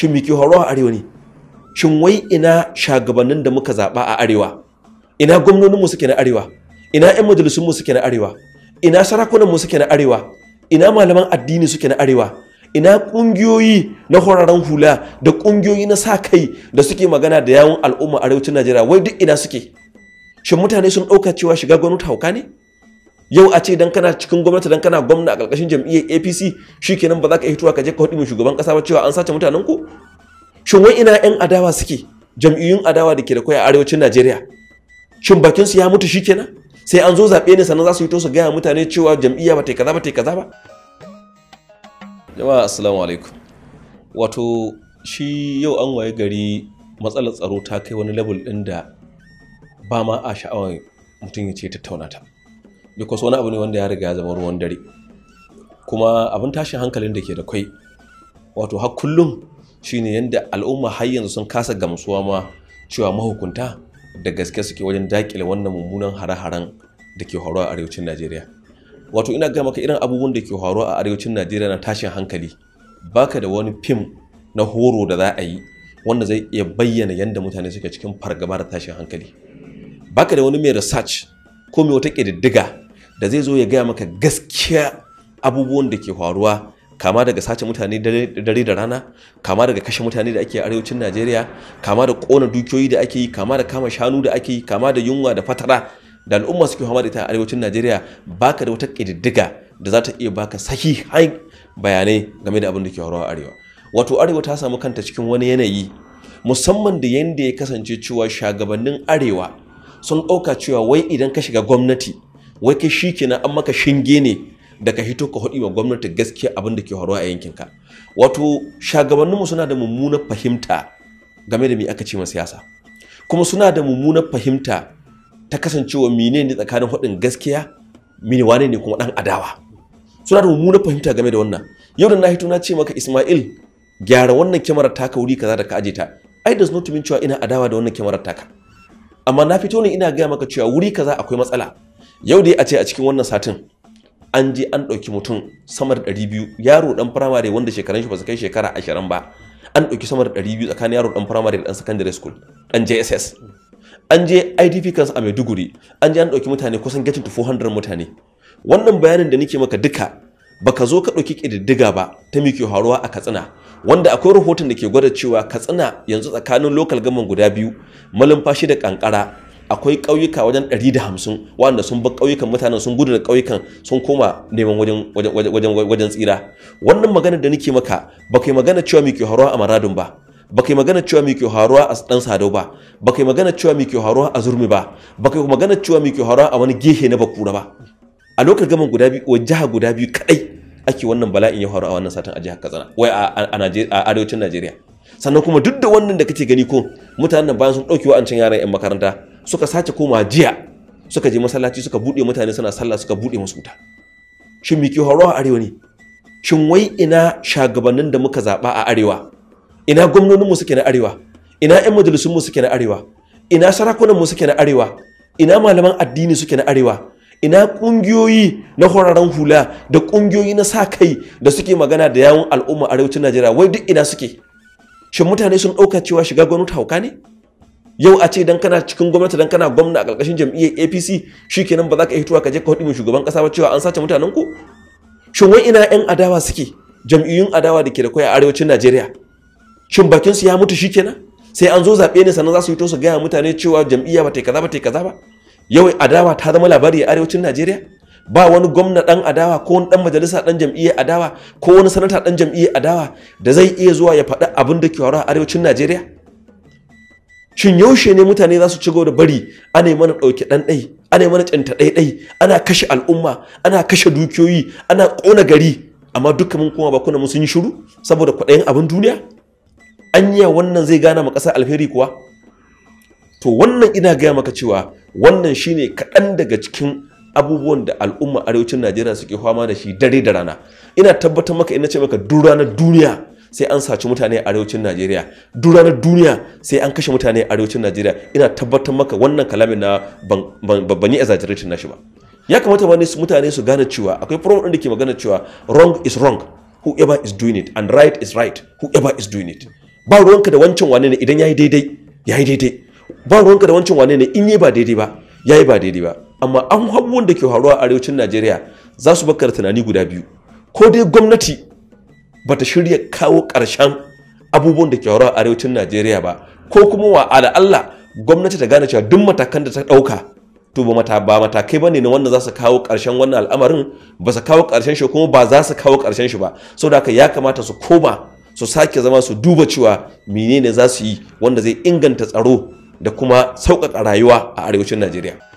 shin miki horo a arewa ne shin wai ina shagabannin da muka zaɓa a arewa ina mu suke na arewa ina 'yan majalisunmu suke na arewa ina sarakunan mu suke na arewa ina malaman addini suke na arewa ina ƙungiyoyi na horaran hula da ƙungiyoyi na sa kai da suke magana da yawun al'umma arewacin najeriya wai duk ina suke shin mutane sun ɗauka cewa shiga gwamnati hauka ne yau a ce dan kana cikin gwamnati dan kana gwamna a ƙarƙashin jam'iyyar apc shikenan ba za ka hituwa ka je ka hudu shugaban ƙasa ba cewa an sace mutanen ku shin wai ina yan adawa suke jam'iyyun adawa da ke da koya a arewacin najeriya shin bakin su ya mutu shikenan sai an zo zaɓe ne sannan za su hito su gaya mutane cewa jam'iyya ba ta kaza ba ta kaza ba jama'a assalamu alaikum wato shi yau an waye gari matsalar tsaro ta kai wani level ɗin da ba ma a sha'awar mutum ya ce tattauna ta because wani abu ne wanda ya riga ya zama ruwan dare kuma abin tashin hankalin da ke da kwai wato har kullum shine yadda al'umma har yanzu sun kasa gamsuwa ma cewa mahukunta da gaske suke wajen dakile wannan mummunan hare-haren da ke horo a arewacin najeriya wato ina ga maka irin abubuwan da ke horo a arewacin najeriya na tashin hankali baka da wani fim na horo da za a yi wanda zai iya bayyana yadda mutane suke cikin fargaba da tashin hankali baka da wani mai research ko mai wata ƙididdiga da zai zo ya gaya maka gaskiya abubuwan da ke faruwa kama daga sace mutane dare da rana kama daga kashe mutane da ake arewacin najeriya kama da ƙona dukiyoyi da ake yi kama da kama shanu da ake yi kama da yunwa da fatara da al'umma suke fama da ita a arewacin najeriya baka da wata ƙididdiga da za ta iya baka sahihan bayanai game da abin da ke faruwa a arewa wato arewa ta samu kanta cikin wani yanayi musamman da yanda ya kasance cewa shagabannin arewa sun ɗauka cewa wai idan ka shiga gwamnati wai ka shi kenan an maka shinge ne da ka hito ka haɗi ma gwamnati gaskiya abin da ke faruwa a yankinka wato shagabanninmu suna da mummunar fahimta game da me aka ce siyasa kuma suna da mummunar fahimta ta kasancewa mine ne tsakanin haɗin gaskiya mine wane ne kuma ɗan adawa suna da mummunar fahimta game da wannan yau da na hito na ce maka ismail gyara wannan kyamarar taka wuri kaza da ka aje ta ai does not mean cewa ina adawa da wannan kyamarar taka amma na fito ne ina gaya maka cewa wuri kaza akwai matsala yau dai a ce a cikin wannan satin an je an ɗauki mutum sama da ɗari biyu yaro ɗan firamare wanda shekaran shi ba su kai shekara ashirin ba an ɗauki sama da ɗari biyu tsakanin yaro ɗan firamare da ɗan secondary school ɗan jss an je idp kansu a maiduguri an je an ɗauki mutane kusan getting to 400 mutane wannan bayanin da nake maka duka baka zo ka ɗauki ƙididdiga ba ta mike haruwa a katsina wanda akwai rahoton da ke gwada cewa katsina yanzu tsakanin lokal gaman guda biyu malumfashi da kankara akwai ƙauyuka wajen 150 wanda sun bar ƙauyukan mutanen sun gudu da ƙauyukan sun koma neman wajen tsira wannan magana da nake maka ba kai magana cewa muke horo a maradun ba ba kai magana cewa muke haruwa a dan sadau ba ba kai magana cewa muke haruwa a zurmi ba ba kai magana cewa muke haruwa a wani gehe na bakura ba a lokal gaman guda biyu wajaha jiha guda biyu kadai ake wannan bala'in ya faru a wannan satin a jihar Katsina wai a arewacin Najeriya sannan kuma duk da wannan da kake gani ko mutanen bayan sun wa ancin yaran 'yan makaranta suka sace koma jiya suka je masallaci suka buɗe mutane suna sallah suka buɗe musu wuta shin me ke faruwa a arewa ne shin wai ina shagabannin da muka zaɓa a arewa ina mu suke na arewa ina 'yan mu suke na arewa ina sarakunan sarakunanmu suke na arewa ina malaman addini suke na arewa ina ƙungiyoyi na horaren hula da ƙungiyoyi na sa kai da suke magana da yawon al'umma arewacin najeriya wai duk ina suke shin mutane sun ɗauka cewa shiga gwamnati hauka ne yau a ce dan kana cikin gwamnati dan kana gwamna a ƙarƙashin jam'iyyar apc shikenan ba za ka hituwa ka je ka hudu mai shugaban ƙasa ba cewa an sace mutanen ku shin wai ina yan adawa suke jam'iyyun adawa da ke da kwai a arewacin najeriya shin bakin su ya mutu shikenan sai an zo zaɓe ne sannan za su hito su gaya mutane cewa jam'iyya ba ta kaza ba ta kaza ba yau adawa ta zama labari a arewacin najeriya ba wani gwamna dan adawa ko wani dan majalisa dan jam'iyyar adawa ko wani sanata dan jam'iyyar adawa da zai iya zuwa ya faɗi abin da ke a arewacin najeriya shin yaushe ne mutane za su ci da bari ana mana ɗauke ɗan ɗai ana mana canta ɗai ana kashe al'umma ana kashe dukiyoyi ana ƙona gari amma duka mun kuma bakuna mun sun yi shiru saboda kwaɗayin abin duniya anya wannan zai gana ma ƙasar alheri kuwa to wannan ina gaya maka cewa wannan shine kaɗan daga cikin abubuwan da al'umma arewacin najeriya suke fama da shi dare da rana ina tabbatar maka ina ce maka dura na duniya sai an saci mutane a arewacin najeriya dura na duniya sai an kashe mutane a arewacin najeriya ina tabbatar maka wannan kalamin na babbani exaggeration nashi ba ya kamata wani mutane su gane cewa akwai promo ɗin da ke magana cewa wrong is wrong whoever is doing it and right is right whoever is doing it ba ruwanka da wancan wane ne idan ya yi daidai ya yi daidai ba ruwanka da wancan wane ne in yi ba daidai ba ya yi ba daidai ba amma an abubuwan da ke haruwa a arewacin najeriya za su bakar tunani guda biyu ko dai gwamnati ba ta shirya kawo ƙarshen abubuwan da ke haruwa a arewacin najeriya ba ko kuma wa ala allah gwamnati ta gane cewa duk matakan da ta ɗauka to ba mata ba matakai na wanda za su kawo ƙarshen wannan al'amarin ba su kawo ƙarshen shi kuma ba za su kawo ƙarshen shi ba saboda haka ya kamata su koma su sake zama su duba cewa menene za su yi wanda zai inganta tsaro da kuma sauƙaƙa rayuwa a arewacin Najeriya.